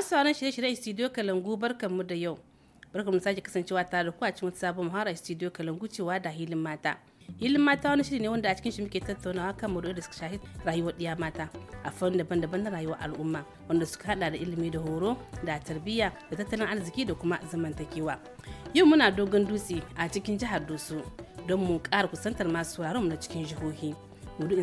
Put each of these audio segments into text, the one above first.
masu sauran shirye-shirye studio kalangu barkanmu da yau barkanmu sake kasancewa tare da ku a cikin sabon muhara studio kalangu cewa da hilin mata hilin mata wani shiri ne wanda a cikin shi muke tattaunawa kan mudu da suka shafi rayuwar ɗiya mata a fannin daban-daban na rayuwar al'umma wanda suka hada da ilimi da horo da tarbiyya da tattalin arziki da kuma zamantakewa yau muna dogon dutse a cikin jihar dusu don mu ƙara kusantar masu mu na cikin jihohi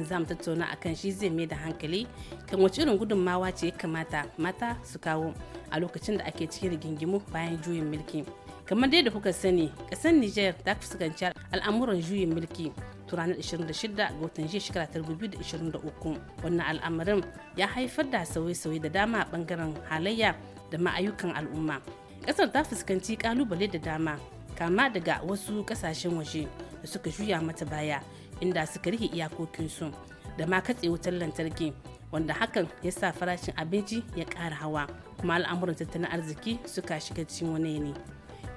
za mu tattauna a kan shi zai mai da hankali kan wace irin gudunmawa ce ya kamata mata su kawo a lokacin da ake cikin rigingimu bayan juyin mulki kamar dai da kuka sani kasar niger ta fuskanci al'amuran juyin mulki ranar 26 ga watan jiya shekara 2023 wannan al'amarin ya haifar da sauye-sauye da dama a bangaren halayya da ma'ayukan al'umma kasar ta fuskanci kalubale da dama kama daga wasu kasashen waje da suka juya mata baya inda suka rike iyakokinsu da ma katse wutar lantarki wanda hakan ya sa farashin abinci ya ƙara hawa kuma al'amuran tattalin arziki suka shiga cikin wani yanayi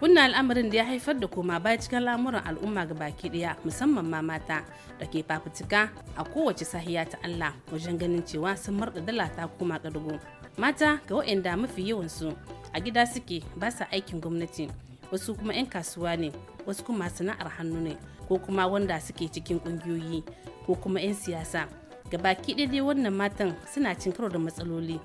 wannan al'amarin da ya haifar da koma baya cikin al'amuran al'umma ga baki ɗaya musamman ma mata da ke fafutuka a kowace sahiya ta Allah wajen ganin cewa sun marɗa dala ta koma ƙadugo mata ga waɗanda mafi yawan su. a gida suke ba sa aikin gwamnati wasu kuma 'yan kasuwa ne wasu kuma sana'ar hannu ne ko kuma wanda suke cikin kungiyoyi ko kuma 'yan siyasa gabaki ɗaya dai wannan matan suna cin karo da matsaloli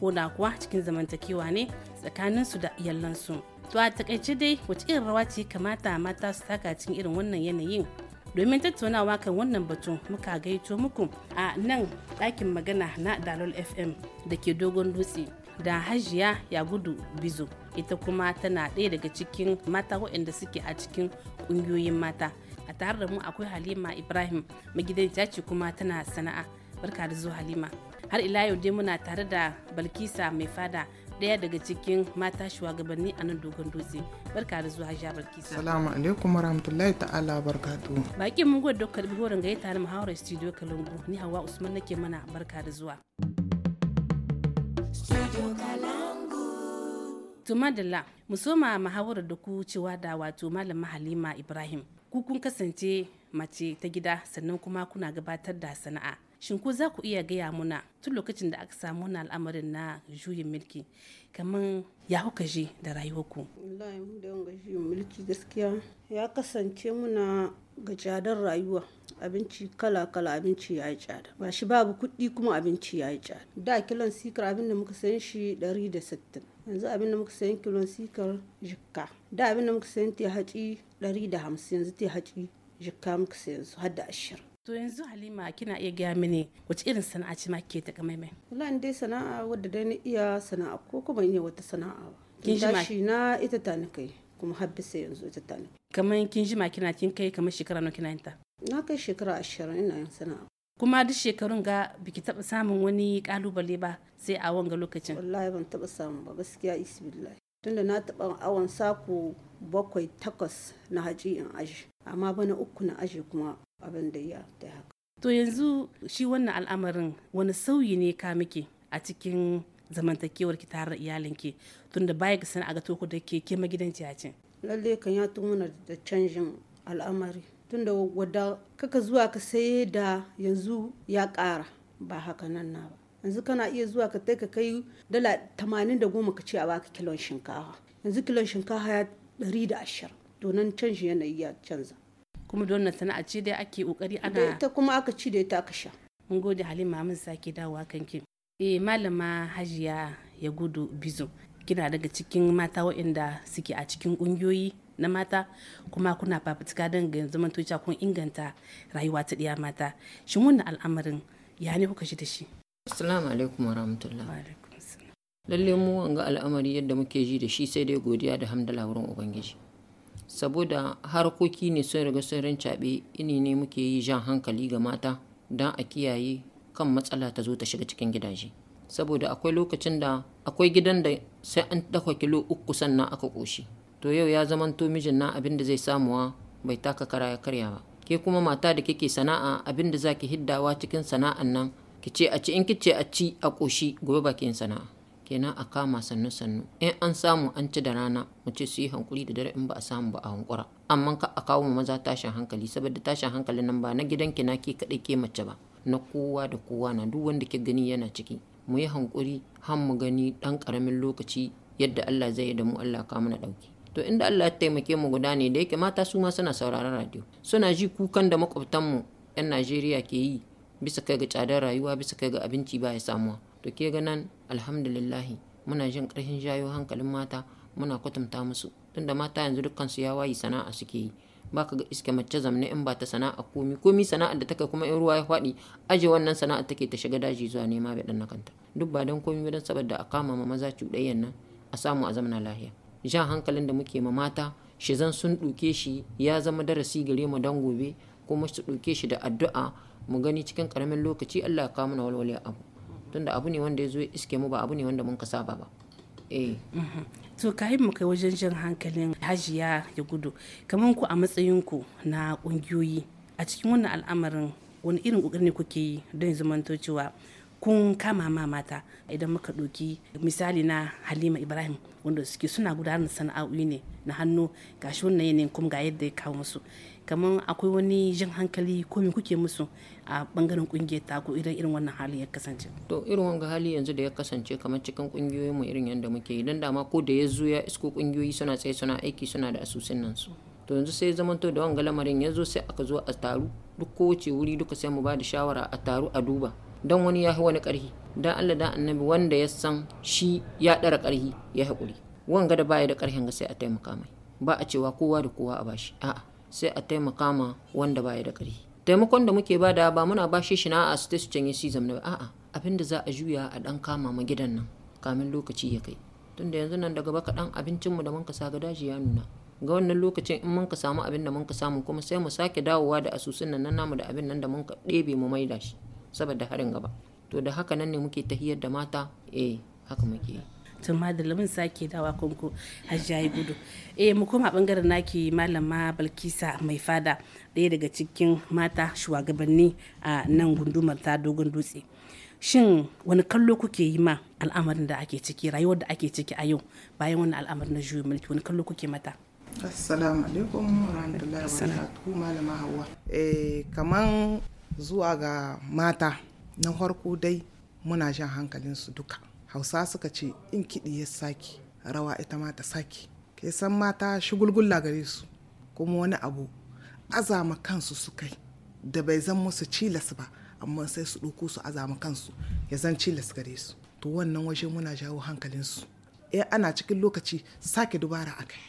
ko na kuwa cikin zamantakewa ne tsakaninsu da iyalansu to a takaice dai wace irin rawa ce kamata mata su taka cikin irin wannan yanayin domin tattaunawa kan wannan batu muka gaito muku a nan ɗakin magana na dalol fm da ke dogon dutse da hajiya ya gudu bizo ita kuma tana ɗaya daga cikin mata waɗanda suke a cikin ƙungiyoyin mata a tare da mu akwai halima ibrahim magidanciya ce kuma tana sana'a barka da zuwa halima har ila yau dai muna tare da balkisa mai fada ɗaya daga cikin mata shugabanni a nan dogon dutse barka da zuwa hajiya balkisa salamu alaikum warahmatullahi ta'ala barkatu bakin mun gwada dokar bihorin gaita na muhawarar studio kalungu ni hawa usman nake mana barka da zuwa to madalla mu muhawarar da ku cewa da wato malama halima ibrahim ku kun kasance mace ta gida sannan kuma kuna gabatar da sana'a shin ku za ku iya gaya muna tun lokacin da aka samu na al'amarin na juyin mulki kamar ya kuka je da rayuwarku ya kasance muna ga jadar rayuwa abinci kala-kala abinci ya yi tsada ba shi babu kuɗi kuma abinci ya yi tsada da kilon sikar abin da muka san shi 160 yanzu abin da muka sayan kilon sikar jikka da abin da muka sayan ta da 150 yanzu ta haƙi jikka muka sayan su har da ashirin to yanzu halima kina iya gaya mini wace irin sana'a ce ma ke ta wala ni dai sana'a wadda dai na iya sana'a ko kuma iya wata sana'a ba kin shi na ita ta ni kai kuma habbi sai yanzu ita ta ni kamar kin jima kina kin kai kamar shekara nawa kina yin ta na kai shekara ashirin ina yin sana'a kuma duk shekarun ga biki taba samun wani kalubale ba sai a wanga lokacin wallahi ban taba samu ba gaskiya isbillah tunda na taba awon sako bakwai takwas na haji in aji amma bana uku na aji kuma abin da ya ta haka to yanzu shi wannan al'amarin wani sauyi ne ka muke a cikin zamantakewar ki tare iyalin ki tunda baya ga sana'a ga toko da ke ke gidan a can lalle kan ya tumuna da canjin al'amari tunda wadda kaka zuwa ka saye da yanzu ya ƙara ba haka nan na ba yanzu kana iya zuwa ka kai ka kai dala tamanin da goma ka ce a baka kilon shinkafa yanzu kilon shinkafa ya ɗari da ashirin donan canji yanayi ya canza kuma don sana'a ce dai ake kokari ana da ita kuma aka ci da ita aka sha mun gode halima mun sake dawowa kanki eh malama hajiya ya gudu bizo kina daga cikin mata waɗanda suke a cikin ƙungiyoyi na mata kuma kuna fafutuka don ga zaman kun inganta rayuwa ta ɗiya mata shin wannan al'amarin ya ne kuka shi da shi assalamu alaikum lalle mu wanga al'amari yadda muke ji da shi sai dai godiya da hamdala wurin ubangiji saboda harkoki ne sun riga sun rincaɓe ini ne muke yi jan hankali ga mata don a kiyaye kan matsala ta zo ta shiga cikin gidaje saboda akwai lokacin da akwai gidan da sai an dafa kilo uku sannan aka ƙoshi to yau ya zamanto mijin na abin da zai samuwa bai taka kara ya karya ba ke kuma mata da kike sana'a abin da zaki hiddawa cikin sana'an nan ki ce a ci in ki ce a ci a ƙoshi gobe bakin sana'a kenan a kama sannu sannu in an samu an ci da rana mu ce su yi hankuri da dare in ba a samu ba a hankura amma ka a kawo maza tashin hankali saboda tashin hankalin nan ba na gidanki na ke kaɗai ke mace ba na kowa da kowa na duk wanda ke gani yana ciki mu yi hankuri har mu gani ɗan ƙaramin lokaci yadda Allah zai yi da mu Allah ka mana ɗauki to inda Allah ya taimake mu guda ne da yake mata su ma suna sauraron radio suna ji kukan da mu 'yan Najeriya ke yi bisa kai ga tsadar rayuwa bisa kai ga abinci ba ya samuwa to ke ga nan alhamdulillahi muna jin ƙarfin jayo hankalin mata muna kwatanta musu tunda mata yanzu dukkan su ya wayi sana'a suke yi ba ka ga iske mace zamne in ba ta sana'a komi komi sana'ar da take kuma in ruwa ya faɗi aje wannan sana'a take ta shiga daji zuwa nema bai dan na duk ba dan komi ba dan saboda a kama ma maza cuɗayyan nan a samu a zamna lahiya ja hankalin da muke ma mata shi zan sun ɗuke shi ya zama darasi gare mu dan gobe kuma su ɗuke shi da addu'a mu gani cikin ƙaramin lokaci Allah ya kawo mana walwale abu tunda abu ne wanda ya zo iske mu ba abu ne wanda mun ka saba ba eh mhm. to yi mu kai wajen jan hankalin hajiya ya gudu kamar ku a matsayin ku na ƙungiyoyi a cikin wannan al'amarin wani irin ƙoƙari ne kuke yi don zamanto cewa kun kama ma mata idan muka doki misali na halima ibrahim wanda suke suna gudanar da sana'o'i ne na hannu ga shi wannan yanayin kuma ga yadda ya kawo musu kamar akwai wani jin hankali ko me kuke musu a bangaren kungiyar ko idan irin wannan hali ya kasance to irin wanga hali yanzu da ya kasance kamar cikin kungiyoyin mu irin yanda muke idan dama ko da ya zo ya isko kungiyoyi suna tsaye suna aiki suna da asusun nan su to yanzu sai zamanto da wanga lamarin yanzu sai aka zo a taru duk kowace wuri duka sai mu ba da shawara a taru a duba don wani ya wani ƙarhi dan Allah da annabi wanda ya san shi ya ɗara ƙarhi ya haƙuri wanga da baya da ƙarhin ga sai a taimaka mai ba a cewa kowa da kowa a bashi a'a sai a taimaka ma wanda baya da ƙarhi taimakon da muke bada ba muna ba shi na a su su canye su zamna a'a abin da za a juya a ɗan kama ma gidan nan kamin lokaci ya kai tunda yanzu nan daga baka abincin mu da mun kasa saga daji ya nuna ga wannan lokacin in mun ka samu abin da mun ka samu kuma sai mu sake dawowa da asusun nan namu da abin nan da mun ka ɗebe mu maida shi saboda harin gaba to da haka nan ne muke tahiyar da mata eh haka muke yi tun madalamin sake dawa kunku hajjai gudu eh mu koma bangaren naki malama balkisa mai fada ɗaya daga cikin mata shugabanni a nan gundumar ta dogon dutse shin wani kallo kuke yi ma al'amarin da ake ciki rayuwar da ake ciki a yau bayan wani al'amar na juyin mulki wani kallo kuke mata assalamu alaikum wa rahmatullahi wa wabarakatuh malama hawa eh kaman zuwa ga mata na farko dai muna jan hankalinsu duka hausa suka ce in kiɗi ya saki rawa ita ma ta saki ke san mata shigulgulla gare su kuma wani abu azama kansu su kai da bai zan musu cilas ba amma sai su ɗauko su azama kansu ya zan cilas gare su to wannan waje muna jawo hankalinsu e eh, ana cikin lokaci sake dubara kai.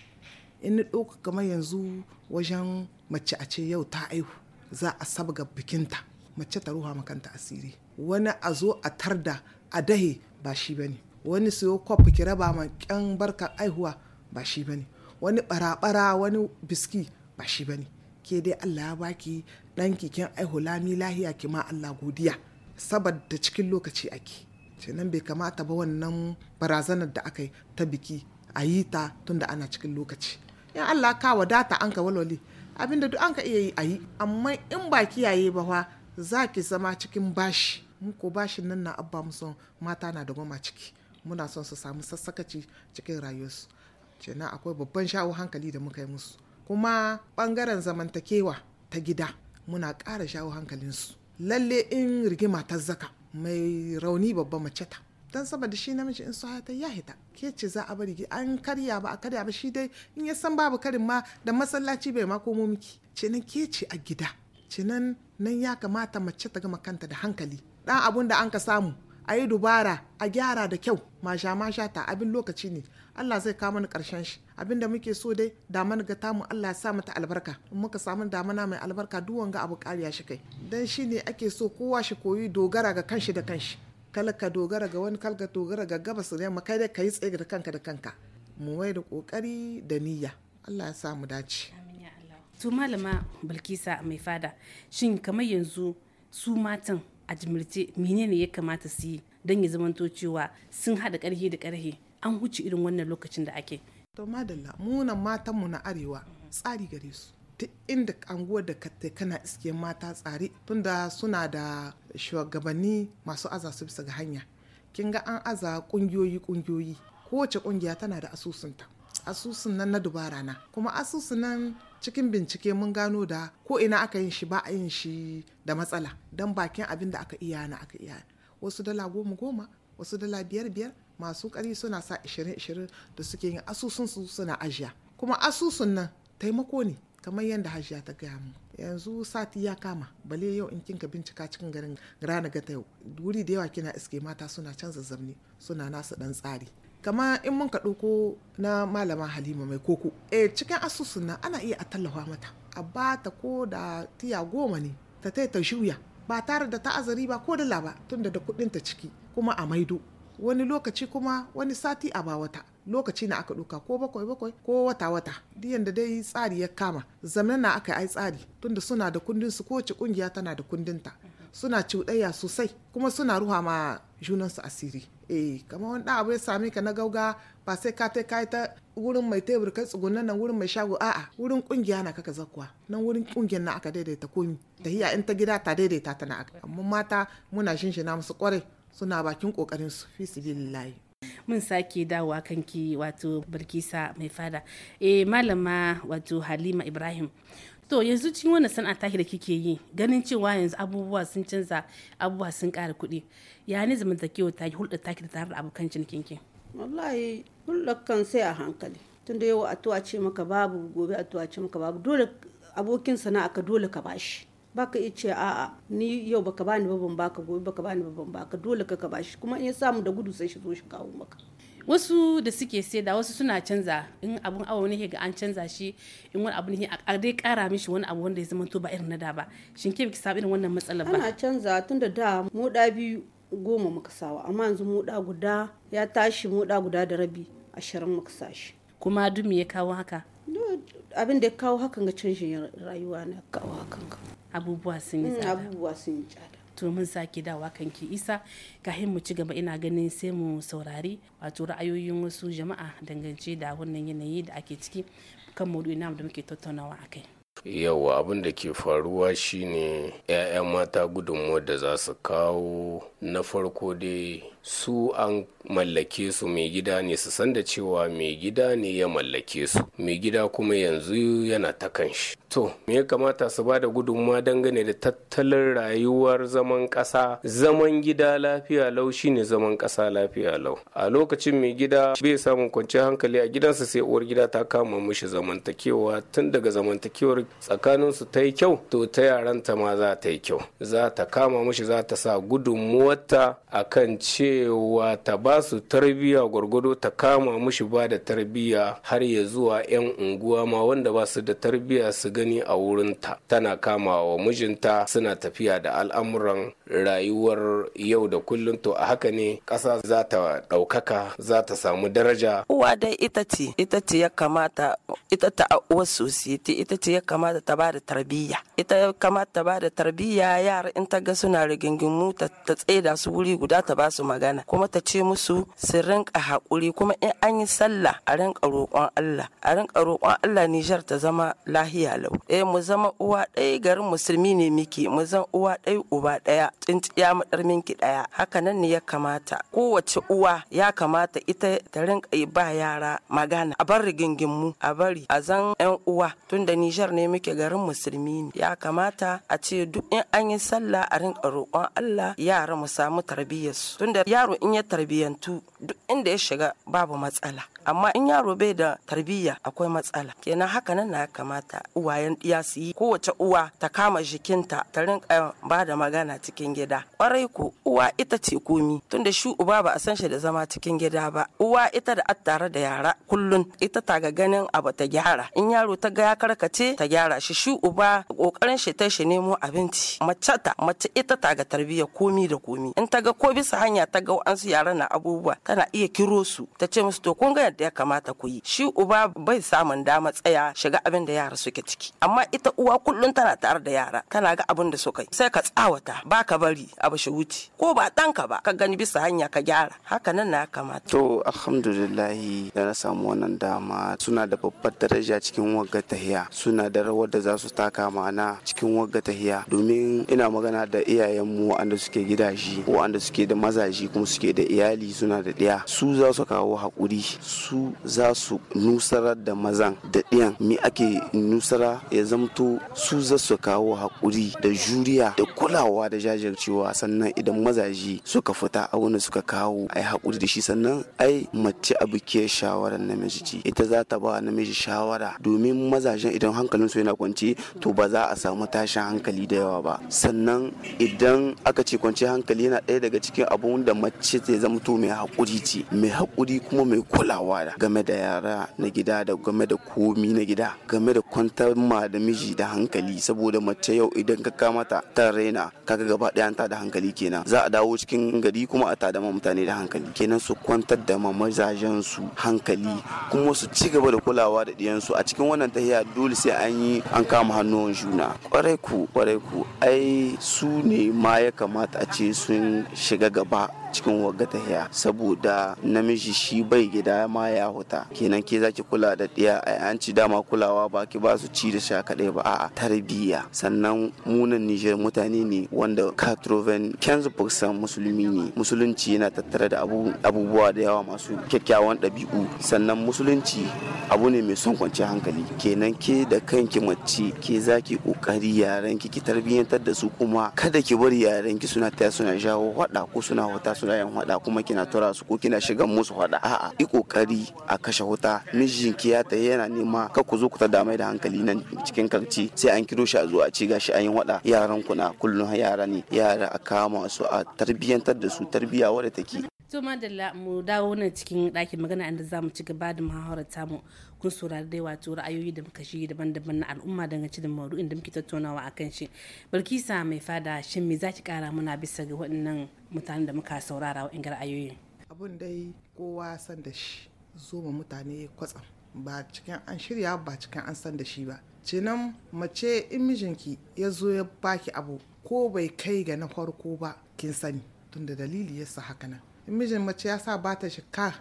in ni ɗauka kamar yanzu wajen mace a ce yau ta aihu za a sabga bikinta mace ta ruha makanta asiri wani a zo a tarda a dahe ba shi bane wani siyo kwafi ki raba ma kyan barka aihuwa ba shi bane wani barabara wani biski ba shi bane ke dai Allah ya baki ɗanki kin aihu lami lahiya ki ma Allah godiya saboda cikin lokaci ake nan bai kamata ba wannan barazanar da aka yi ta biki a yi ta tunda ana cikin lokaci in Allah ka wadata an ka walwali abinda duk an ka iya yi a yi amma in ba kiyaye ba fa za ki zama cikin bashi muku bashin nan na abba mu son mata na da goma ciki muna son su samu sassakaci cikin rayuwarsu kenan akwai babban sha'o hankali da muka yi musu kuma bangaren zamantakewa ta gida muna ƙara shawo hankalinsu lalle in rigima ta zaka mai rauni babba mace ta don saboda shi namiji in su ta ya hita ke ce za a bari an karya ba a karya ba shi dai in ya san babu karin ma da masallaci bai ma komo miki ce nan ke ce a gida ce nan nan ya kamata mace ta gama kanta da hankali dan abun da an ka samu a yi dubara a gyara da kyau masha masha ta abin lokaci ne Allah zai kawo mana karshen shi abin da muke so dai daman ga tamu Allah ya sa mata albarka in muka samu damana mai albarka duk wanga abu kariya shi kai dan shine ake so kowa shi koyi dogara ga kanshi da kanshi kala ka dogara ga wani kala ka dogara ga gabas da yamma kai dai ka yi tsaye da kanka da kanka mu mai da kokari da niyya Allah ya sa mu dace to malama Bilkisa mai fada shin kamar yanzu su matan a jimirce menene ya kamata su yi don ya zamanto cewa sun hada karhe da karhe an huce irin wannan lokacin da ake to madalla munan matanmu na arewa tsari gare su duk inda anguwar da kattai kana iske mata tsari tunda suna da shugabanni masu aza su bisa ga hanya kin ga an aza kungiyoyi kungiyoyi kowace kungiya tana da asusunta asusun nan na dubara na kuma asusun nan cikin bincike mun gano da ko ina aka yin shi ba a yin shi da matsala don bakin abin da aka iya na aka iya wasu dala goma goma wasu dala biyar biyar masu kari suna sa ishirin-ishirin da suke yin asusun su suna ajiya kuma asusun nan taimako ne kamar yadda hajiya ta gaya mu yanzu sati ya kama bale yau in kinka bincika cikin garin rana ga ta yau wuri da yawa kina iske mata suna can zazzabni suna nasu dan tsari kama in mun ka ɗauko na malama halima mai koko eh cikin asusun nan ana iya a tallafa mata a ba ko da tiya goma ne ta tai ta shuya ba tare da ta azari ba ko da laba tunda da kuɗinta ciki kuma a maido wani lokaci kuma wani sati a ba wata lokaci na aka duka ko bakwai bakwai ko wata wata diyan da dai tsari ya kama zamanin na aka ai tsari tunda suna da kundin su kowace kungiya tana da ta suna cuɗayya sosai kuma suna ruha ma junan su asiri eh kamar wani da abu ya same ka na gauga ba sai ka kai ta wurin mai tebur kai tsugunan nan wurin mai shago a'a wurin kungiya na kaka zakuwa nan wurin kungiyar na aka daidaita komi da hiya in ta gida ta daidaita ta na aka amma mata muna shinshina musu kwarai suna bakin kokarin su fi sibilillahi mun sake dawowa kanki wato bilkisa mai fada e malama wato halima ibrahim to yanzu cikin wannan sana'a taki da kike yi ganin cewa yanzu abubuwa sun canza abubuwa sun ƙara kuɗi ya ne ta taki hulɗar taki da tare da abokan cinikinki wallahi hulɗar kan sai a hankali da yau a tuwa ce maka babu gobe a tuwa ce maka babu dole abokin sana'a ka dole ka bashi baka iya ce a'a ni yau baka bani ba ban baka gobe baka bani ba ban baka dole ka ka shi kuma in ya samu da gudu sai shi zo shi kawo maka wasu da suke saida wasu suna canza in abun awo ne ga an canza shi in wani abu ne a dai kara mishi wani abu wanda ya zama to ba irin na da ba shin ke biki sabin wannan matsalar ba ana canza tun da da moda biyu goma muka sawa amma yanzu moda guda ya tashi moda guda da rabi ashirin muka sashi kuma dumi ya kawo haka abin da ya kawo hakan ga canjin rayuwa na kawo hakan ga abubuwa sun yi mm, tsada abubuwa sun yi tsada to mun sake dawa kanki isa kafin mu ci gaba ina ganin sai mu saurari wato ra'ayoyin wasu jama'a dangance da wannan yanayi da ake ciki kan mu ina da muke tattaunawa a kai yawa abin da ke faruwa shine 'ya'ya mata gudunmuwar da za su kawo na farko dai su an mallake su mai gida ne su san da cewa mai gida ne ya mallake su mai gida kuma yanzu yana ta kanshi to me ya kamata su ba da gudunmawa dangane da tattalin rayuwar zaman ƙasa zaman gida lafiya lau shine zaman ƙasa lafiya lau a lokacin mai gida bai samun kwanciyar hankali a gidansa sai uwar gida ta kama mishi zamantakewa tun daga zamantakewar tsakaninsu ta yi kyau to ta yaranta ma za ta yi kyau za ta kama mishi za ta sa gudunmuwarta kan ce cewa ta ba su tarbiyya gwargwado ta kama mushi ba da tarbiya har ya zuwa 'yan unguwa ma wanda ba su da tarbiya su gani a wurinta tana kama wa mijinta suna tafiya da al'amuran rayuwar yau da kullum to a haka ne ƙasa za ta ɗaukaka za ta samu daraja uwa dai ita ce ita ce ya kamata ita ta ita ce ya kamata ta ba da tarbiyya ita ya kamata ta ba da tarbiyya yara in ta ga suna rigingimu ta tsaida su wuri guda ta ba su magana magana kuma ta ce musu su rinka hakuri kuma in an yi sallah a rinka roƙon Allah a rinka roƙon Allah Nijar ta zama lahiya lau eh mu zama uwa ɗaya garin musulmi ne miki mu zan uwa ɗaya uba ɗaya tsintsiya mu minki ɗaya haka nan ne ya kamata kowace uwa ya kamata ita ta rinka ba yara magana a bar mu a bari a zan yan uwa tunda Nijar ne muke garin musulmi ne ya kamata a ce duk in an yi sallah a rinka roƙon Allah yara mu samu tarbiyyarsu tunda yaro in ya tarbiyantu duk inda ya shiga babu matsala amma in yaro bai da tarbiyya akwai matsala kenan haka nan na kamata uwayen ya su yi kowace uwa ta kama jikinta ta rinka ba da magana cikin gida kwarai ko uwa ita ce komi tunda shi uba ba a san shi da zama cikin gida ba uwa ita da attare da yara kullun ita ta ga ganin abu ta gyara in yaro ta ga ya karkace ta gyara shi shi uba kokarin shi ta shi nemo abinci mace ta mace ita ta ga tarbiyya komi da komi in ta ga ko bisa hanya ta ga wa'ansu yaran na abubuwa tana iya kiro su ta ce musu to kun ga yadda ya kamata ku yi shi uba bai samun dama tsaya shiga abin da yara suke ciki amma ita uwa kullum tana tare da yara tana ga abin da suka yi sai ka tsawata ba ka bari a bashi wuce ko ba ɗanka ba ka gani bisa hanya ka gyara haka nan na kamata. to alhamdulillahi da na samu wannan dama suna da babbar daraja cikin wagga tahiya suna da rawar da za su taka mana cikin wagga tahiya domin ina magana da iyayenmu waɗanda suke gidaje waɗanda suke da mazaje kuma suke da iyali suna da ɗaya su za su kawo hakuri su za su nusara da mazan da ɗiyan mi ake nusara ya zamto su za su kawo hakuri da juriya da kulawa da jajircewa sannan idan mazaji suka fita a wani suka kawo a yi haƙuri da shi sannan ai mace a ke shawarar namiji ce ita za ta ba namiji shawara domin mazajen idan hankalinsu yana kwance to ba za a samu tashin hankali da yawa ba sannan idan aka ce kwance hankali yana ɗaya daga cikin abun da mace zai zama to mai haƙuri ce mai haƙuri kuma mai kulawa da game da yara na gida da game da komi na gida game da kwantar ma da miji da hankali saboda mace yau idan ka kama ta ta raina kaga gaba ɗaya ta da hankali kenan za a dawo cikin gari kuma a tada ma mutane da hankali kenan su kwantar da ma mazajen su hankali kuma su ci gaba da kulawa da ɗiyansu a cikin wannan tahiya dole sai an yi an kama hannuwan juna kwarai ku kwarai ku ai su ne ma ya kamata a ce sun shiga gaba cikin wagga saboda namiji shi bai gida ma ya huta kenan ke zaki kula da ɗiya a yanci dama kulawa ba ki ba su ci da sha kaɗai ba a tarbiyya sannan munan Nijar mutane ne wanda katroven kenzu musulmi ne musulunci yana tattare da abubuwa da yawa masu kyakkyawan ɗabi'u sannan musulunci abu ne mai son kwanciyar hankali kenan ke da kanki mace ke zaki kokari yaran ki ki tarbiyyantar da su kuma kada ki bari yaran ki suna taya suna jawo waɗa ko suna wata su layin hada kuma kina tura su ko kina shigan musu hada a'a yi kokari a kashe wuta mijin ki ya ta yana nema ka ku zo ku ta damai da hankali nan cikin karci sai an kiro shi a zuwa a ci gashi an yi hada yaran ku na kullum yara ne yara a kama su a tarbiyyantar da su tarbiya wadda take to madalla mu dawo nan cikin ɗakin magana inda za mu ci gaba da muhawarar tamu kun saurari dai wato ra'ayoyi da muka shi daban-daban na al'umma dangance da maudu'in inda muke tattaunawa a kan shi bilkisa mai fada shin me za ki kara muna bisa ga waɗannan mutanen da muka saurara wa'in ra'ayoyin abun dai kowa san da shi zo ma mutane kwatsam ba cikin an shirya ba cikin an san da shi ba cinan mace in mijinki ya zo ya baki abu ko bai kai ga na farko ba kin sani tunda dalili yasa haka nan In mijin mace ya sa bata shika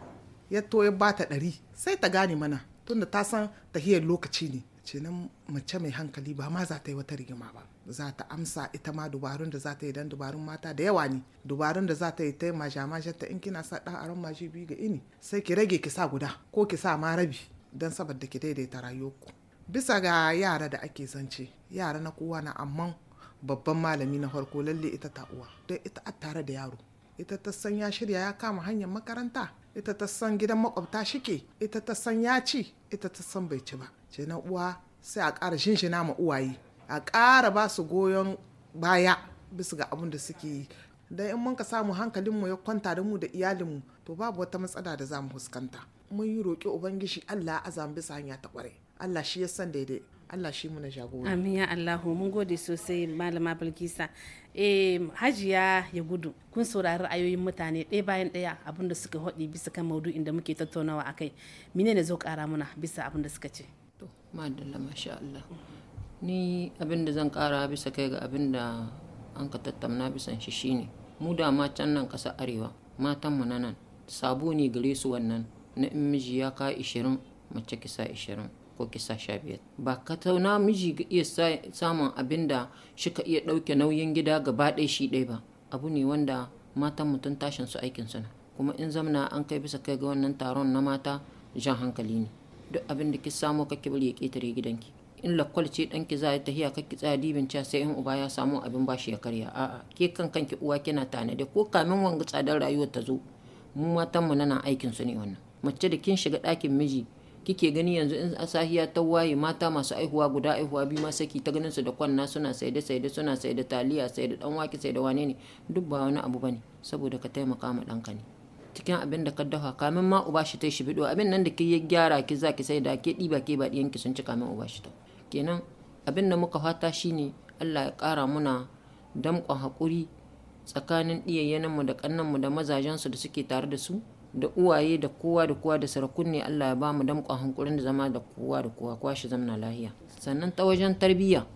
ya to ya bata ɗari sai ta gane mana tunda ta san tahiyar lokaci ne ce nan mace mai hankali ba ma za ta yi wata rigima ba za ta amsa ita ma dubarun da za ta yi don dubarun mata da yawa ne dubarun da za ta yi ta yi majamashin ta in kina sa ɗan aron maji biyu ga ini sai ki rage ki sa guda ko ki sa ma rabi don saboda ki daidaita rayuwarku bisa ga yara da ake zance yara na kowa na amman babban malami na farko lalle ita ta uwa don ita a tare da yaro ita ta san ya shirya ya kama hanyar makaranta ita ta san gidan makwabta shike ita ta san ya ci ita ta san bai ci ba na uwa sai a ƙara shinshina ma uwaye a ƙara ba su goyon baya bisa ga abin da suke yi dan in mun ka samu hankalinmu ya kwanta da mu da iyalinmu to babu wata matsala da zamu mu fuskanta mun yi roƙi ubangiji Allah azam bisa hanya ta ƙware Allah shi ya san daidai Allah shi muna jagora amin ya Allahu mun gode sosai malama Bilkisa eh hajiya ya gudu kun saurari ra'ayoyin mutane ɗaya bayan ɗaya abin da suka hodi bisa kan maudu'in da muke tattaunawa akai mine ne zo ƙara muna bisa abin da suka ce to madalla masha Allah ni abin da zan ƙara bisa kai ga abin da an ka tattauna bisan shi shine mu da ma can nan ƙasa arewa matan mu na nan sabo ne gare su wannan na in miji ya ka 20 mace kisa 20 ko ki biyar ba ka tauna miji ga iya samun abin da shi ka iya ɗauke nauyin gida gaba ɗaya shi ɗaya ba abu ne wanda matan mutum tashin su aikin suna kuma in zamana an kai bisa kai ga wannan taron na mata jan hankali ne duk abin da ki samu kake bari ya ƙetare gidanki in lakwal ce ɗanki za a tahiya kake tsaya dibin ca sai in uba ya samu abin bashi ya karya a'a ke kan kanki uwa kina tanadi ko kamin wanga tsadar rayuwar ta zo mu matanmu nana aikin su ne wannan mace da kin shiga ɗakin miji kike gani yanzu in asahiya ta waye mata masu aihuwa guda aihuwa biyu ma saki ta ganin su da kwanna suna saide saide suna saide taliya saide dan wake saide wane ne duk ba wani abu bane saboda ka taimaka ma danka ne cikin abin da ka dafa kamin ma uba shi ta shi bido abin nan da ke ya gyara ki za ki sai da ke ɗiba ke ba ki sun ci kamin uba shi ta kenan abin da muka fata shine Allah ya kara muna damƙon hakuri tsakanin mu da kannan mu da mazajen su da suke tare da su da uwaye da kowa da kowa da sarakun Allah ya bamu damƙon hankulin da zama da kowa da kowa shi zamna lahiya sannan ta wajen tarbiyya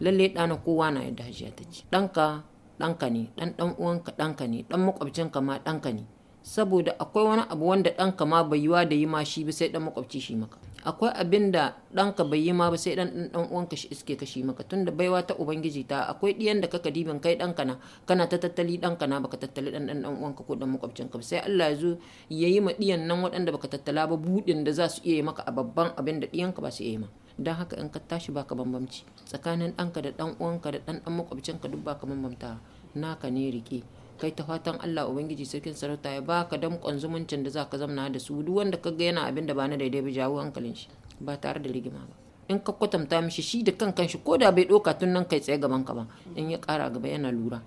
lalle ɗana kowa na yadda hajiya ta ce ɗanka ɗanka ne ɗan ɗan uwanka ɗanka ne ɗan makwabcinka ma ɗanka ne saboda akwai wani abu wanda ɗanka ma bai yiwa da yi ma shi bi sai ɗan makwabci shi maka akwai abin da ɗanka bai yi ma ba sai ɗan ɗan uwanka shi iske kashi maka tun da baiwa ta ubangiji ta akwai ɗiyan da kaka dibin kai ɗanka na kana ta tattali ɗanka na baka tattali ɗan ɗan ɗan uwanka ko ɗan ka sai Allah ya zo ya yi ma ɗiyan nan waɗanda baka tattala ba buɗin da za su iya yi maka a babban abin da ɗiyanka ba su iya yi ma don haka in ka tashi baka bambamci tsakanin ɗanka da ɗan uwanka da ɗan ɗan ka duk baka bambamta naka ne rike kai ta fatan Allah ubangiji sarkin sarauta ya baka damƙon zumuncin da zaka zamna da su duk wanda kaga yana abin da ba na daidai ba jawo hankalin shi ba tare da rigima ba in ka kwatanta mishi shi da kan kanshi ko da bai ɗoka tun nan kai tsaye gaban ka ba in ya ƙara gaba yana lura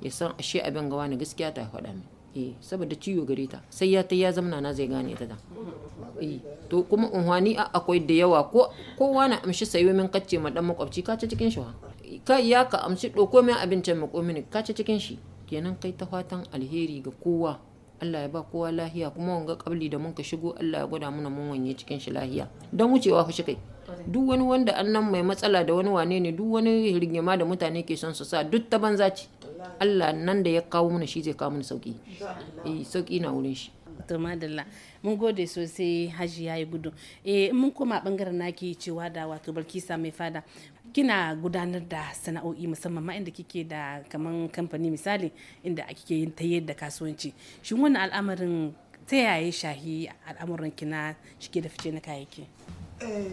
ya san ashe abin gawa ne gaskiya ta faɗa min eh saboda ciwo gare ta sai ya ta ya zamna na zai gane ta da eh to kuma unhwani a akwai da yawa ko kowa na amshi sayo min kacce ma dan makwabci ka ci cikin shi ka ya ka amshi ɗauko min abincin makomini ka cikin shi kenan kai ta fatan alheri ga kowa Allah ya ba kowa lahiya kuma wanga kabli da mun ka shigo Allah ya gwada mana mun wanye cikin shi lahiya dan wucewa fa shi kai duk wani wanda annan mai matsala da wani wane ne duk wani rigima da mutane ke son su sa duk ta banza ce Allah nan da ya kawo mana shi zai kawo mana sauki eh sauki na wurin shi to madalla mun gode sosai haji ya gudu eh mun koma bangaren naki cewa da wato barkisa mai fada kina gudanar da sana'o'i musamman ma inda kike da kamar kamfani misali inda kike yin ta yadda kasuwanci shin wannan al'amarin ta yaya shahi al'amuran kina shige da fice na kayayyaki eh,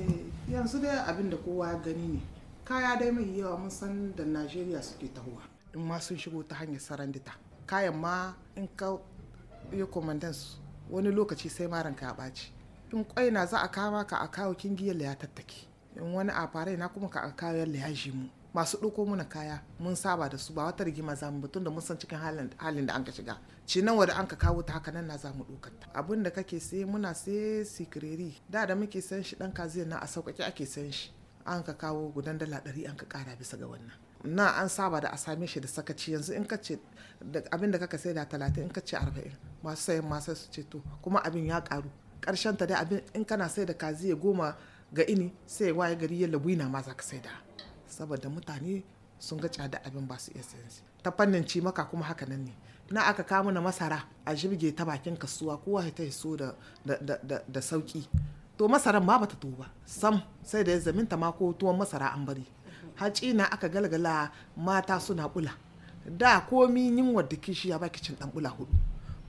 yanzu dai abin da kowa gani ne kaya dai mai yawa mun san da najeriya suke tahowa in ma sun shigo ta hanyar sarandita kayan ma in ka yi komandansu wani lokaci sai maranka ya ɓaci in kwaina za a kama ka a kawo kingiyar ya tattake in wani a fara na kuma ka kayan layashi mu masu ɗauko mana kaya mun saba da su ba wata rigima za mu tun da mun san cikin halin da an ka shiga cinan wadda an ka kawo ta haka nan na za mu ɗaukar ta abin da kake saye muna sai sikirari da da muke san shi ɗan kaziyar na a sauƙaƙe ake san shi an ka kawo gudan dala ɗari an ka ƙara bisa ga wannan na an saba da a same shi da sakaci yanzu in ka ce abin da kaka sai da talatin in ka ce arba'in masu sayan masu su ce to kuma abin ya ƙaru karshen ta dai abin in kana sai da kaziya goma ga ini sai waye gari ya labu na ma za ka saida saboda mutane sun ga da abin ba su iya sayan ta fannin ci maka kuma haka nan ne na aka kama na masara a jirge ta bakin kasuwa kowa ta so da, da, sauki to masaran ma bata to ba sam sai da ya zaminta ma ko tuwon masara an bari haci na aka galgala mata suna bula da komi yin wadda kishi ya baki cin dan bula hudu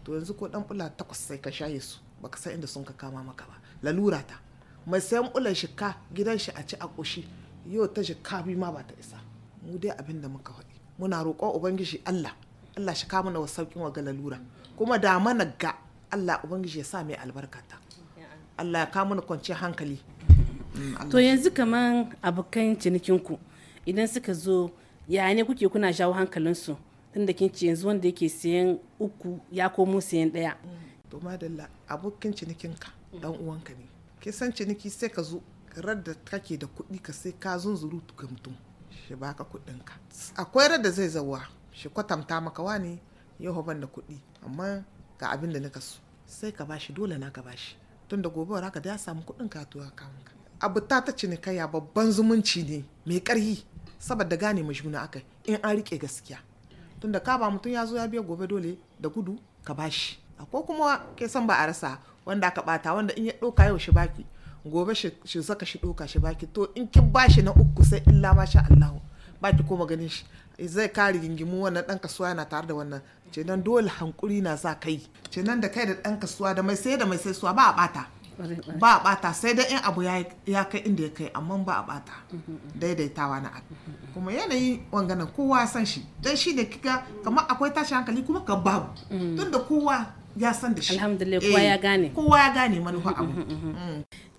to yanzu ko dan bula takwas sai ka shaye su baka san inda sun ka kama maka ba lalura ta mai sayan ulan shika gidan shi a ci a ƙoshi yau ta shika biyu ma ba ta isa mu dai abin da muka faɗi muna roƙo ubangiji Allah Allah shi kama wa saukin wa galalura kuma da mana ga Allah ubangiji ya sa mai albarkata Allah ya kama na kwanciyar hankali mm, to yanzu kaman abokan cinikinku idan suka zo ya ne kuke kuna jawo hankalinsu tun da kin ce yanzu wanda yake sayan uku ya komo sayan ɗaya mm. to madalla abokin cinikinka dan uwanka ne ke san ciniki sai ka zo rar da kake da kuɗi ka sai ka zunzuru ga mutum shi baka kuɗinka akwai rar da zai zawa shi kwatamta maka ne yau da kuɗi amma ga abin da nika so sai ka bashi dole na ka bashi tun da gobe raka da ya samu kuɗin ka tuwa ka abu ta ta cinikayya babban zumunci ne mai ƙarhi saboda gane mu juna akai in an rike gaskiya tun da ka ba mutum ya zo ya biya gobe dole da gudu ka bashi ko kuma ke san ba a rasa wanda aka bata wanda in ya ɗauka yau shi baki gobe shi saka shi ɗauka shi baki to in kin bashi na uku sai illa Allah Allahu baki koma ganin shi zai kare gingimu wannan dan kasuwa yana tare da wannan ce nan dole hankuri na sa kai ce nan da kai da dan kasuwa da mai sai da mai sai suwa ba a bata ba a bata sai dai in abu ya kai inda ya kai amma ba a bata daidaitawa na abu kuma yanayi wanganan kowa san shi dan shi ne kika kamar akwai tashi hankali kuma ka babu mm. tunda kowa ya san da shi alhamdulillah eh, ya gane kowa ya gane mm-hmm,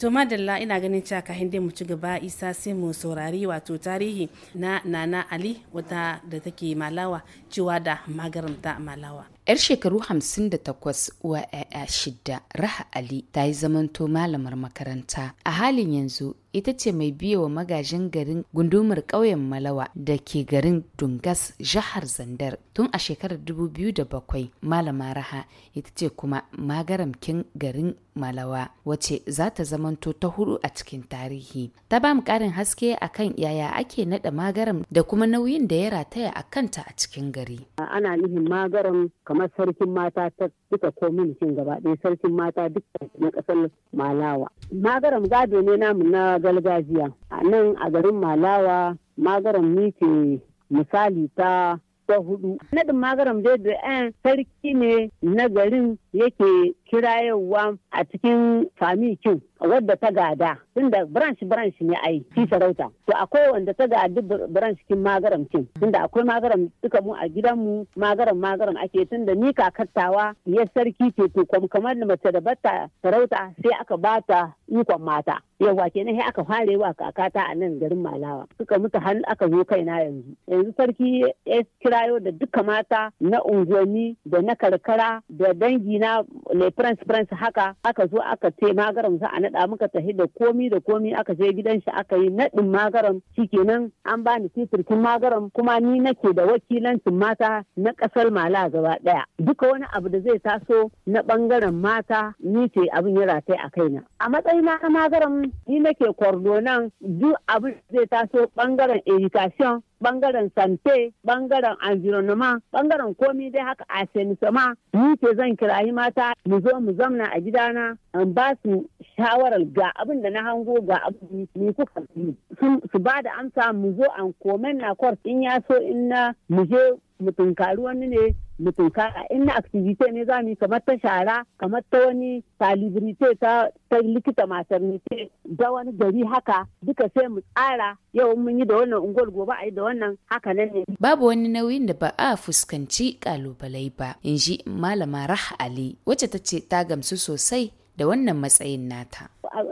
mm-hmm. Mm. ina ganin cewa kahin dai mu ci gaba isa sai mu saurari wato tarihi na nana ali wata da take malawa cewa da magaramta malawa yar shekaru 58 uwa 'ya'ya shida raha ali ta yi zamanto malamar makaranta a halin yanzu ita ce mai wa magajin garin gundumar ƙauyen Malawa da ke garin Dungas jihar Zandar tun a shekarar 2007 Malama Raha ita ce kuma magaramkin garin Malawa wace za ta zamanto ta hudu a cikin tarihi. Ta ba mu ƙarin haske a kan yaya ake naɗa magaram da kuma nauyin da ya rataya a kanta a cikin gari. Ana nihin magaram kamar sarkin mata ta duka komin gaba ɗaya sarkin mata duk na ƙasar Malawa. Magaram gado ne namu na gargajiya a nan a garin malawa magaran muke misali ta ta hudu. Nadin magaram JDN sarki ne na garin yake kirayewa a cikin famikin wadda ta gada tunda branch branch ne ai fi sarauta to akwai wanda ta gadi branch kin magaram kin tunda akwai magaram duka mu a gidanmu magaram magaram ake tunda ni kakattawa ya sarki ce to kamar mace da bata sarauta sai aka bata ikon mata yawa kenan sai aka fare wa kakata a nan garin malawa suka mutu har aka zo kaina yanzu yanzu sarki ya kirayo da duka mata na unguwanni da na karkara da dangi na le prince prince haka aka zo aka ce magaram za a faɗa muka tafi da komi da komi aka je gidan shi aka yi naɗin magaram shikenan an bani titirkin magaram kuma ni nake da wakilancin mata na ƙasar mala gaba ɗaya duka wani abu da zai taso na ɓangaren mata ni ce abin ya ratai a kaina a matsayin na magaram ni nake kwardo nan duk abin zai taso ɓangaren education bangaren sante bangaren environnement bangaren komi dai haka a senisoma ni ke zan kirayi mata mu zo mu zamna a gidana an ba su shawarar ga abin da na hango ga abin ni kuka su ba da amsa mu zo an komen na kwar in ya so in na mu je mu tinkari wani ne mu ka in na activity ne za mu kamar ta shara kamar ta wani salibrite ta ta likita maternity da wani gari haka duka sai mu tsara yau mun yi da wannan ungol gobe a yi da wannan haka nan ne babu wani nauyin da ba a fuskanci kalubalai ba in ji malama rah ali wacce ta ce ta gamsu sosai da wannan matsayin nata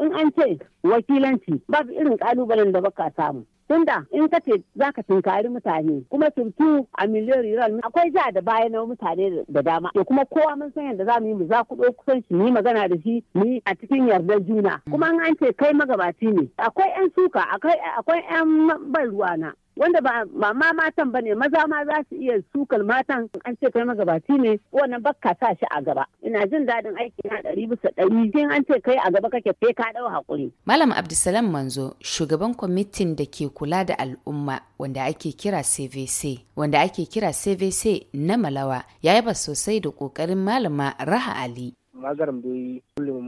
in an ce wakilanci babu irin kalubalen da baka samu tunda in ka ce za ka tunkari mutane kuma tuntu a miliyan riral akwai ja da baya na mutane da dama to kuma kowa mun san yadda za mu yi mu za ku ɗau kusan shi mu yi magana da shi mu yi a cikin yardar juna kuma an ce kai magabaci ne akwai 'yan suka akwai 'yan ban ruwa na. wanda ba mama matan bane maza ma za su iya sukar matan an ce kai magabaci ne wannan bakka sa shi a gaba ina jin dadin aiki na ɗari bisa ɗari jin an ce kai a gaba kake kai ka ɗau hakuri. Malam Abdulsalam Manzo shugaban kwamitin da ke kula da al'umma wanda ake kira CVC wanda ake kira CVC na Malawa ya yaba sosai da kokarin malama Raha Ali. magaram kullum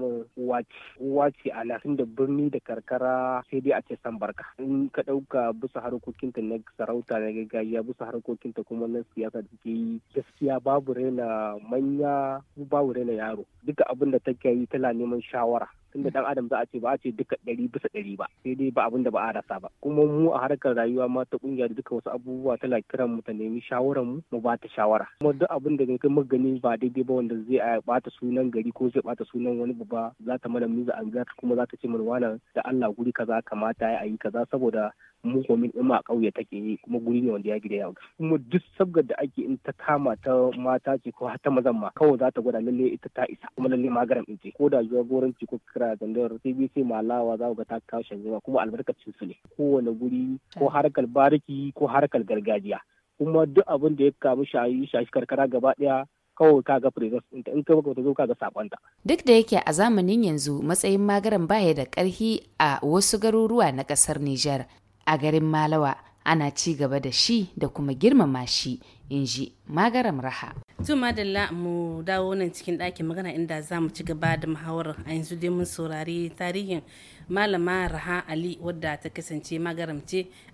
uwa ce a lafin da birni da karkara sai dai a ce san barka in ka ɗauka bisa harkokinta na sarauta na gargajiya bisa harkokinta kuma na siyasa da ke yi gaskiya babu raina manya babu raina yaro duka abin da take yi tana neman shawara tunda dan adam za a ce ba a ce duka ɗari bisa ɗari ba sai dai ba abin da ba a rasa ba kuma mu a harkar rayuwa ma ta kungiya da duka wasu abubuwa ta kiran mu ta nemi shawaran mu mu ba ta shawara kuma duk abin da kai magani ba daidai ba wanda zai bata sunan gari ko zai bata sunan wani babba za ta mana miza an kuma za ta ce mana da Allah guri kaza kamata ya yi kaza saboda muhomin ima a ƙauye take kuma guri ne wanda ya gida ya wuce kuma duk sabgar da ake in ta kama ta mata ce ko hatta mazan ma kawai za ta gwada lalle ita ta isa kuma lalle magaran in ce ko da zuwa ce ko kira zandar cbc malawa za ga ta kawo zuwa kuma albarkacin su ne kowane guri ko harkar bariki ko harkar gargajiya kuma duk abin da ya kamu shayi shashi karkara gaba daya kawai kaga presence ɗinta in ka baka zo kaga sabonta. Duk da yake a zamanin yanzu matsayin magaran baya da ƙarfi a wasu garuruwa na kasar Nijar a garin Malawa ana ci gaba da shi da kuma girmama shi in ji magaram raha. to madalla mu dawo nan cikin ɗakin magana inda za mu ci gaba da muhawarar a yanzu dai mun saurari tarihin malama raha ali wadda ta kasance magaram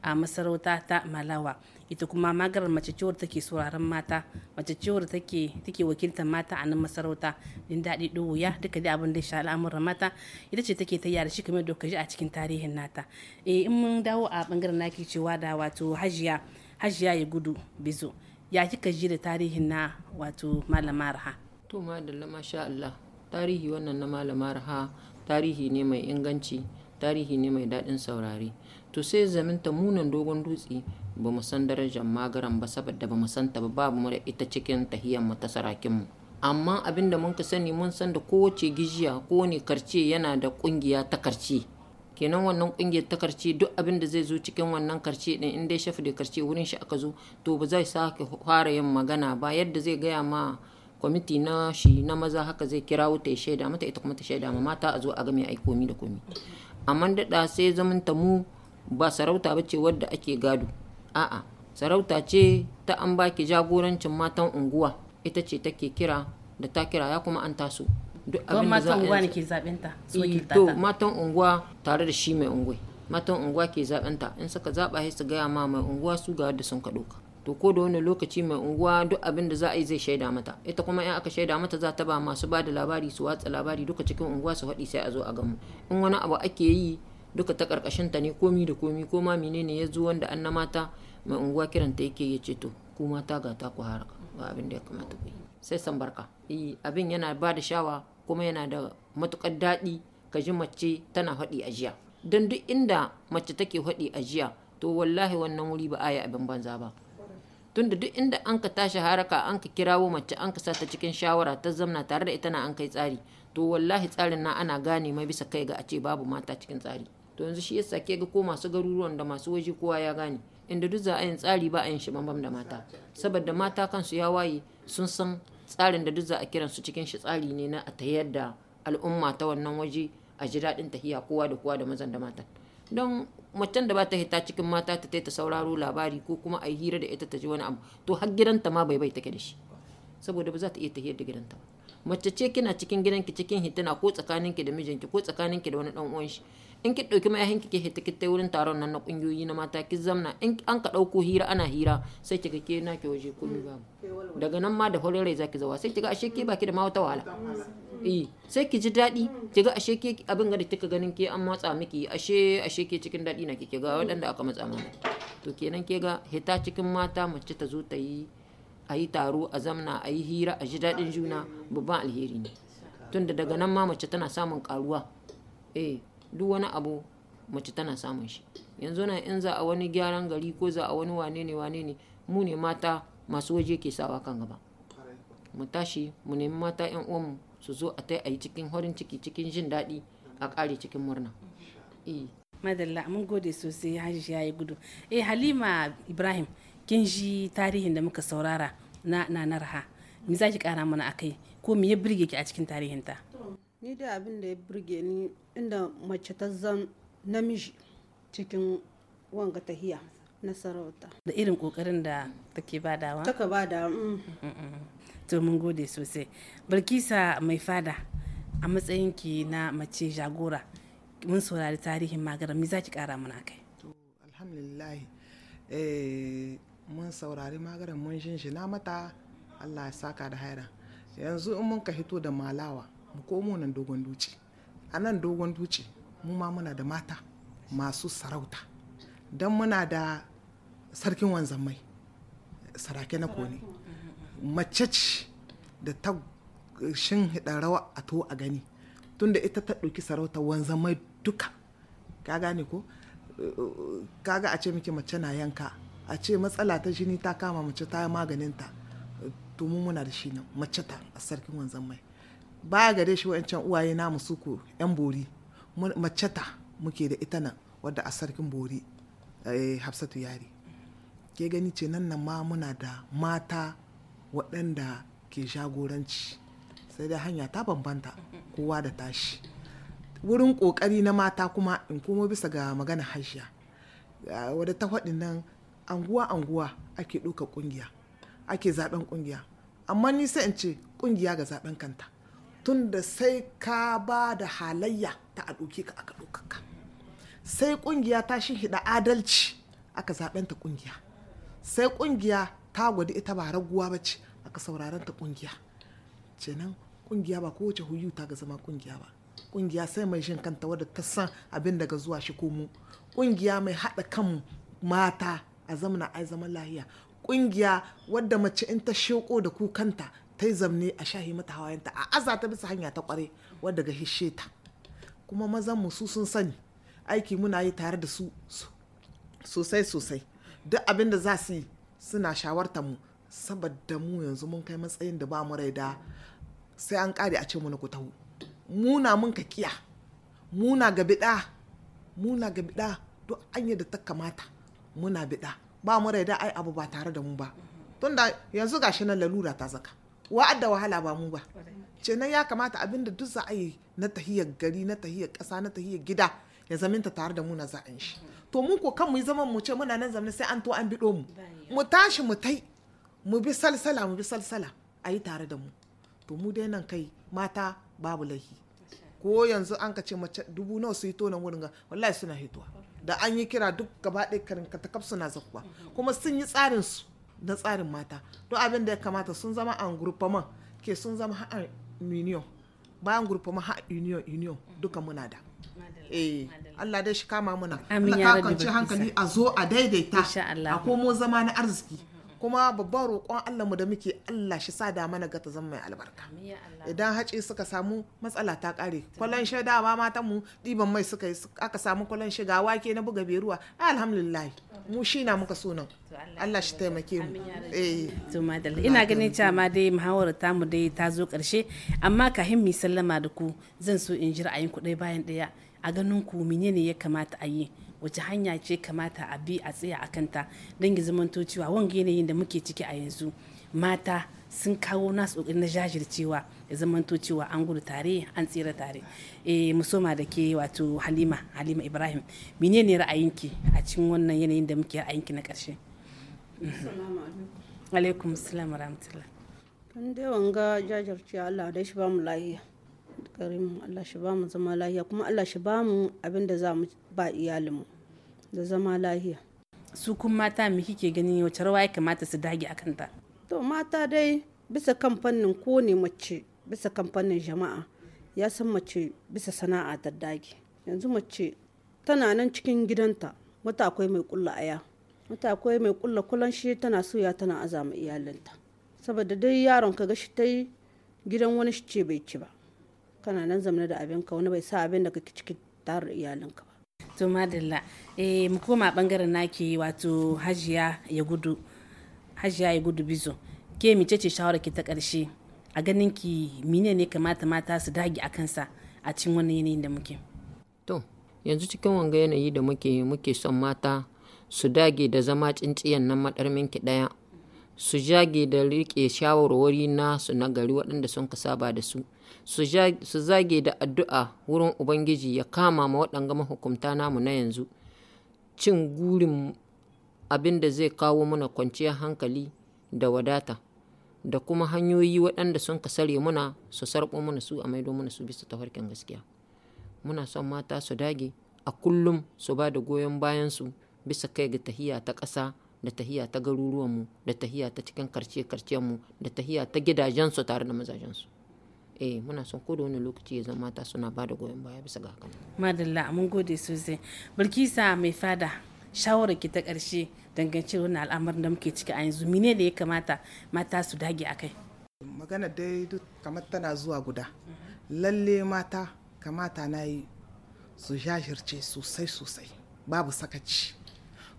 a masarauta ta malawa ita kuma magarar mace ciwar take sauraron mata mace ciwar take take wakiltar mata a nan masarauta din daɗi ɗowuya duka dai abin da sha al'amuran mata ita ce take ta yara shi kamar da ji a cikin tarihin nata eh, in mun dawo a bangaren naki cewa da wato hajiya hajiya ya gudu bizo ya kika ji da tarihin na wato malama raha to madalla sha Allah tarihi wannan na malama raha tarihi ne mai inganci tarihi ne mai daɗin saurari to sai zaminta munan dogon dutse ba mu san darajar magaran ba saboda ba mu san ta ba babu mu da ita cikin tahiyan mu ta sarakin mu amma abin da mun ka sani mun san da kowace gijiya kowane karce yana da kungiya ta karce kenan wannan kungiyar ta karce duk abin da zai zo cikin wannan karce din in dai shafi da karce wurin shi aka zo to ba zai sake fara yin magana ba yadda zai gaya ma kwamiti na shi na maza haka zai kira wuta ya shaida mata ita kuma ta shaida ma mata a zo a ga mai ai komi da komi amma daɗa sai zamanta mu ba sarauta ba ce wadda ake gado a'a sarauta ce ta an baki jagorancin matan unguwa ita ce take kira da ta kira ya kuma an taso duk abin da za a matan unguwa ke zaben eh, ta to matan unguwa tare da shi mai unguwa matan unguwa ke zaben in suka zaba sai su gaya ma mai unguwa su ga da sun ka to ko da wani lokaci mai unguwa duk abin da za a yi zai shaida mata ita kuma in aka shaida mata za ta ba masu ba da labari su watsa labari duka cikin unguwa su faɗi sai a zo a gamu in wani abu ake yi duka ta ƙarƙashin ta ne komi da komi ko ma menene ya zo wanda an na mata mai unguwa kiranta yake ya ce to ku mata ga ta ku haraka ba abin da ya kamata ku yi sai san eh, abin yana ba da shawa kuma yana da matukar daɗi ka ji mace tana haɗi a jiya don duk inda mace take haɗi a jiya to wallahi wannan wuri ba a yi abin banza ba tunda duk inda an ka tashi haraka an ka kirawo mace an ka sa ta cikin shawara ta zamna tare da ita na an kai tsari to wallahi tsarin na ana gane ma bisa kai ga a ce babu mata cikin tsari to yanzu shi yasa ke ga ko masu garuruwan da masu waje kowa ya gane inda duk za a yin tsari ba a yin shi bambam da mata saboda mata kansu ya waye sun san tsarin da duk za a kiran su cikin shi tsari ne na a tayar da al'umma ta wannan waje a ji daɗin tahiya kowa da kowa da mazan da matan don macen da ba ta hita cikin mata ta ta sauraro labari ko kuma a yi hira da ita ta ji wani abu to har gidanta ma bai bai take da shi saboda ba za ta iya tahiyar da gidanta ba mace ce kina cikin gidanki cikin hitina ko tsakaninki da mijinki ko tsakaninki da wani dan uwan shi in ki ɗauki mayahin ki hita ki tai wurin taron nan na ƙungiyoyi na mata ki zamna in an ka ɗauko hira ana hira sai kiga ke na ki waje komai ba daga nan ma da horon rai zaki zawa sai kiga ashe ke baki da ma wata wahala eh sai ki ji daɗi kiga ga ashe ke abin da kika ganin ke an matsa miki ashe ashe ke cikin daɗi na kike ga waɗanda aka matsa mana to kenan ke ga hita cikin mata mace ta zo ta yi a yi taro a zamna a yi hira a ji daɗin juna babban alheri ne tunda daga nan ma mace tana samun karuwa eh duk wani abu mace tana samun shi yanzu nan in za a wani gyaran gari ko za a wani wane ne wane ne mu ne mata masu waje ke sawa kan gaba mu tashi mu nemi mata yan mu su zo a tai a yi cikin horin ciki cikin jin daɗi a ƙare cikin murna eh. madalla mun gode sosai hajji ya yi gudu eh halima ibrahim kin ji tarihin da muka saurara na nanarha me za ki kara mana akai ko me ya birge ki a cikin tarihin ta. Ni da abin da ya burge ni inda mace ta zan namiji cikin wanga tahiya na sarauta. Da irin kokarin da take badawa? Taka bada. Mm. Mm, mm, to mun gode sosai. Bilkisa mai fada a matsayin ki na mace jagora mun saurari tarihin magara mi za ki kara mana kai? To alhamdulillah eh, mun saurari magaran mun na mata Allah ya saka da haira. Yanzu in mun ka hito da malawa. mu komo nan dogon duci a nan dogon duci mu ma muna da mata masu sarauta don muna da sarkin wanzan mai sarake na kone mhm, mhm. mace ce da ta shin hida rawa a to a gani tunda ita ta ɗauki sarauta wanzan mai duka ka gane ko kaga a ce miki mace na yanka a ce matsala ta jini ta kama mace ta yi maganinta to mu muna da shi nan mace ta a sarkin wanzan mai baya gare shi wa'ancan uwaye namu suku yan bori mace ta muke da ita nan wadda a sarkin bori eh, hafsatu yari ke gani ce nan nan ma muna da mata waɗanda ke jagoranci sai dai hanya ta bambanta kowa da tashi wurin ƙoƙari na mata kuma in komo bisa ga magana hajiya ah, wadda ta faɗi nan anguwa-anguwa ake ɗauka ƙungiya ake zaɓen ƙungiya amma nisa in ce ƙungiya ga zaɓen kanta tun da sai ka ba da halayya ta a ɗauke ka aka ɗaukaka sai ƙungiya ta shi hida adalci aka zaɓen ta ƙungiya sai ƙungiya ta gwada ita ba raguwa ba ce aka sauraron ta ƙungiya kenan ƙungiya ba kowace huyu ta ga zama ƙungiya ba ƙungiya sai mai shin kanta wadda ta san abin daga zuwa shi komo ƙungiya mai haɗa kan mata a zamana ai zaman lahiya ƙungiya wadda mace in ta sheƙo da kukanta ta yi zamne a shahi mata hawayenta a aza ta bisa hanya ta kware wadda ga hishe ta kuma mazan mu su sun sani aiki muna yi tare da su sosai sosai duk abin da za su yi suna shawarta mu saboda mu yanzu mun kai matsayin da ba mu rai da sai an kare a ce mu na ku tahu muna mun ka kiya muna ga bida muna ga bida duk anya da ta kamata muna biɗa ba mu rai da ai abu ba tare da mu ba tunda yanzu gashi nan lalura ta zaka wa'adda wahala ba mu ba ce nan ya kamata abinda duk za a yi na tahiyar gari na tahiyar ƙasa na tahiyar gida ya zaminta tare da mu na za a shi to mu ko kan mu yi zaman mu ce muna nan zamne sai an to an biɗo mu mu tashi mu tai mu bi salsala mu bi salsala a yi tare da mu to mu dai nan kai mata babu laifi ko yanzu an ka ce mace dubu nawa su hito nan wurin ga wallahi suna hitowa da an yi kira duk gaba ɗaya karin katakaf suna zakuwa kuma sun yi tsarin su na tsarin mata don abin da ya kamata sun zama an gurfama ke sun zama ha'ar union bayan gurfama ha'ar union union duka muna da eh Allah dai shi kama muna Allah ka kwanci hankali a zo a daidaita a komo zama na arziki kuma babban roƙon Allah mu da muke Allah shi sa da mana ga ta zama mai albarka idan haci suka samu matsala ta ƙare kwallon shaida ma matan mu ɗiban mai suka yi aka samu kwallon shiga wake na buga beruwa alhamdulillah mu shi na muka so Allah shi taimake mu eh. ina ganin cewa ma dai muhawarar ta mu dai ta zo ƙarshe amma kahin mi sallama da ku zan so in jira ra'ayin ku dai bayan ɗaya a ganin ku menene ya kamata ayi yi wace hanya ce kamata a bi a tsaya a kanta don ki zamanto cewa wanga yanayin da muke ciki a yanzu mata sun kawo nasu ƙoƙari na jajircewa ya zamanto cewa an gudu tare an tsira tare e eh, musoma da ke wato halima halima ibrahim mine ne ra'ayinki a cikin wannan yanayin da muke ra'ayinki na ƙarshe alaikum salam rahmatullah tun dai wanga jajirce allah dai shi ba mu lahiya garin allah shi ba mu zama lahiya kuma allah shi ba mu abin da za mu ba iyalinmu da zama lahiya su kun mata me kike ganin wace rawa ya kamata su dage akan ta to mata dai bisa kan fannin ko ne mace bisa kamfanin jama'a ya san mace bisa sana'a ta daki yanzu mace tana nan cikin gidanta wata akwai mai kulla aya wata akwai mai kulla kulan shi tana suya tana azama iyalinta saboda dai yaron ka gashi ta yi gidan wani shi ce bai ci ba kana nan zamana da abin ka wani bai sa abin da kake cikin tare iyalinka ba to madalla eh mu koma bangaren naki wato hajiya ya gudu hajiya ya gudu bizo ke mi ce shawara ke ta ƙarshe a ganin ki mine ne kamata mata su dage a kansa a cikin wannan yanayin da muke to yanzu cikin wanga yanayi da muke muke son mata su dage da zama cinciyan nan madarmin ki daya su jage da riƙe shawarwari su na gari waɗanda sun saba da su su zage da addu'a wurin ubangiji ya kama ma waɗanga mahukunta namu na yanzu cin gurin abin da zai kawo muna kwanciyar hankali da wadata da kuma hanyoyi waɗanda sun ka sare muna su sarɓo muna su a maido muna su bisa ta harkin gaskiya muna son mata su dage a kullum su ba da goyon bayansu bisa kai ga tahiya ta ƙasa da tahiya ta garuruwanmu da tahiya ta cikin karce-karcenmu da tahiya ta gidajensu tare da mazajensu eh muna son ko da wani lokaci ya zama mata suna ba da goyon baya bisa ga hakan madalla mun gode sosai bilkisa mai fada shawarar ki ta ƙarshe dangance wannan al'amarin da muke ciki a yanzu mine da ya kamata mata su dage a kai magana dai duk kamar tana zuwa guda lalle mata kamata na yi su jajirce sosai sosai babu sakaci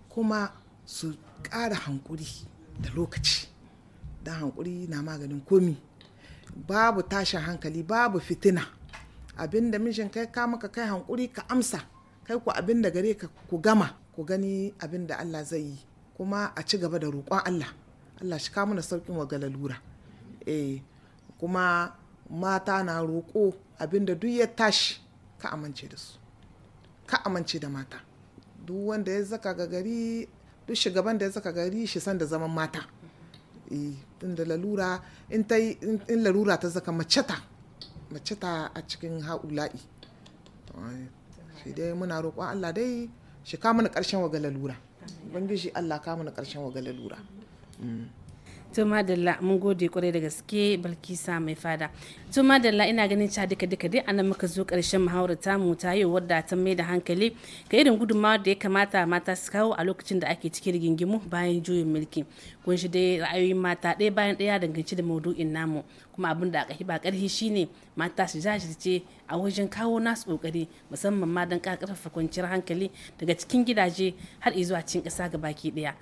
kuma su ƙara hankuri da lokaci don hankuri na maganin komi babu tashin hankali babu fitina abinda mijin kai ka maka kai hankuri ka amsa kai ku abin da gare ka ku gama ku gani abin da Allah zai yi kuma a ci gaba da roƙon Allah Allah shi kamuna sauƙin wa galalura eh kuma mata na roƙo abin da duk ya tashi ka amince da su ka amince da mata duk wanda ya zaka ga gari duk shugaban da ya zaka gari shi san da zaman mata in eh, da lalura in ta in lalura ta zaka mace ta a cikin ha'ula'i eh, shi dai muna roƙon Allah dai shi ka mana ƙarshen waga lalura ubangiji Allah ka mana ƙarshen waga lalura mm. to madalla mun gode kwarai da gaske balkisa mai fada to madalla ina ganin ca duka duka dai anan muka zo karshen muhawara ta mu ta yau wadda ta mai da hankali ga irin gudunmawar da ya kamata mata su kawo a lokacin da ake cikin rigingimu bayan juyin mulki kun shi dai ra'ayoyin mata ɗaya bayan ɗaya danganci da maudu'in namu kuma abin da aka ba karhi shine mata su jajirce a wajen kawo nasu kokari musamman ma don ƙarfafa kwanciyar hankali daga cikin gidaje har izuwa cikin ƙasa gabaki ɗaya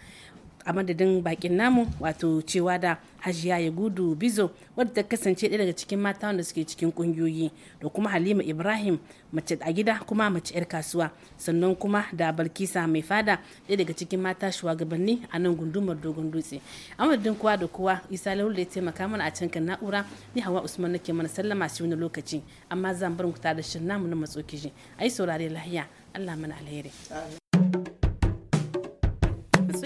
a madadin bakin namu wato cewa da hajiya ya gudu bizo wadda ta kasance ɗaya daga cikin mata wanda suke cikin ƙungiyoyi da kuma halima ibrahim mace a gida kuma mace 'yar kasuwa sannan kuma da balkisa mai fada ɗaya daga cikin mata shugabanni a nan gundumar dogon dutse a madadin kowa da kowa isa lalu da ya taimaka mana a can kan na'ura ni hawa usman nake mana sallama shi wani lokaci amma zan bar ku tare da shirin namu na matsokiji ai saurare lahiya allah mana alheri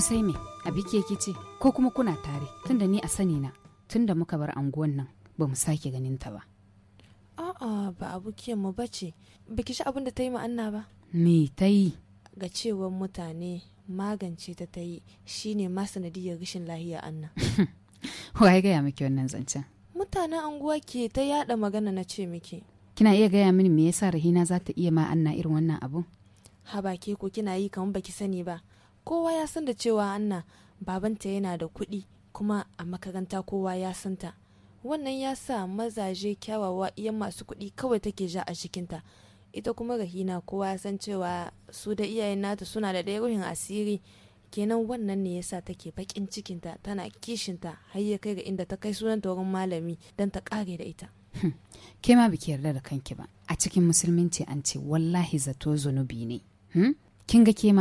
sosai me a biki yake ce ko kuma kuna tare tunda ni a sani na tunda muka bar anguwan nan ba mu sake ganin ta ba a'a ba abokiyar mu bace biki shi abin ta yi ma anna ba me ta yi ga cewar mutane magance ta ta yi shine ma sanadiyar rashin lahiya anna waye gaya miki wannan zancen mutanen anguwa ke ta yada magana na ce miki kina iya gaya mini me yasa rahina za ta iya ma anna irin wannan abu. ha ke ko kina yi kamar baki sani ba kowa ya san da cewa anna babanta yana da kuɗi kuma a makaranta kowa ya santa wannan ya sa mazaje kyawawa iyan masu kuɗi kawai take ja a cikinta ita kuma rahina kowa ya san cewa su da iyayen nata suna da ɗaya ruhin asiri kenan wannan ne yasa take bakin cikinta tana kishinta har ya kai ga inda ta kai sunan wurin malami don ta kare da ita hmm. ke ma biki yarda da kanki ba a cikin musulminci an ce wallahi zato zunubi ne hmm? kin ga ke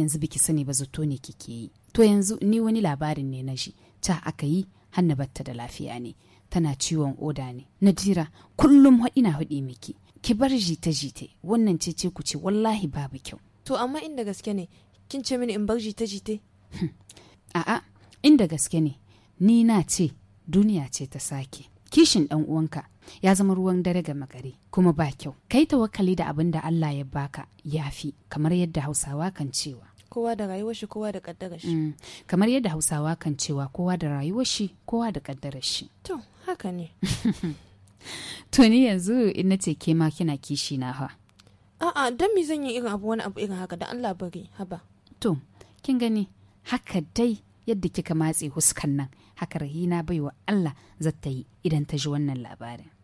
yanzu biki sani ba zato ne kike yi to yanzu ni wani labarin ne na shi ta aka yi hanna batta da lafiya ne tana ciwon oda ne nadira kullum haɗina haɗi miki ki bar jita jita wannan ce ce ku ce wallahi babu kyau to amma inda gaske ne kin ce mini in bar jita jita hmm. a'a inda gaske ne ni na ce duniya ce ta sake kishin dan uwanka ya zama ruwan dare ga magari kuma ba kyau kai tawakkali da abin da Allah ya baka yafi kamar yadda Hausawa kan cewa kowa da rayuwar shi kowa da kaddarar shi mm. kamar yadda Hausawa kan cewa kowa da rayuwar shi kowa da kaddarar shi to haka ne to ni yanzu in nace ke ma kina kishi na ha a'a dan me zan yi irin abu wani abu irin haka da Allah bari haba to kin gani haka dai yadda kika matse huskan nan haka rahina baiwa Allah zata yi idan ta ji wannan labarin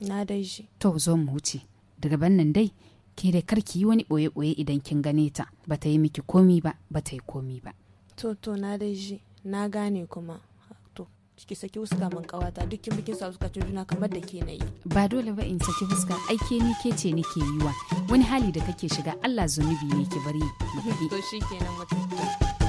na dai shi to zo mu wuce daga bannan dai ke da kar ki yi wani boye-boye idan kin gane ta ba ta yi miki komi ba ba ta yi komi ba to to na dai shi na gane kuma to ki saki fuska mun kawata kin bikin sa juna kamar da ke na yi ba dole ba in saki fuska aike ni ke ce nake yi wa wani hali da kake shiga Allah zunubi ne ki bari mu to shikenan mutum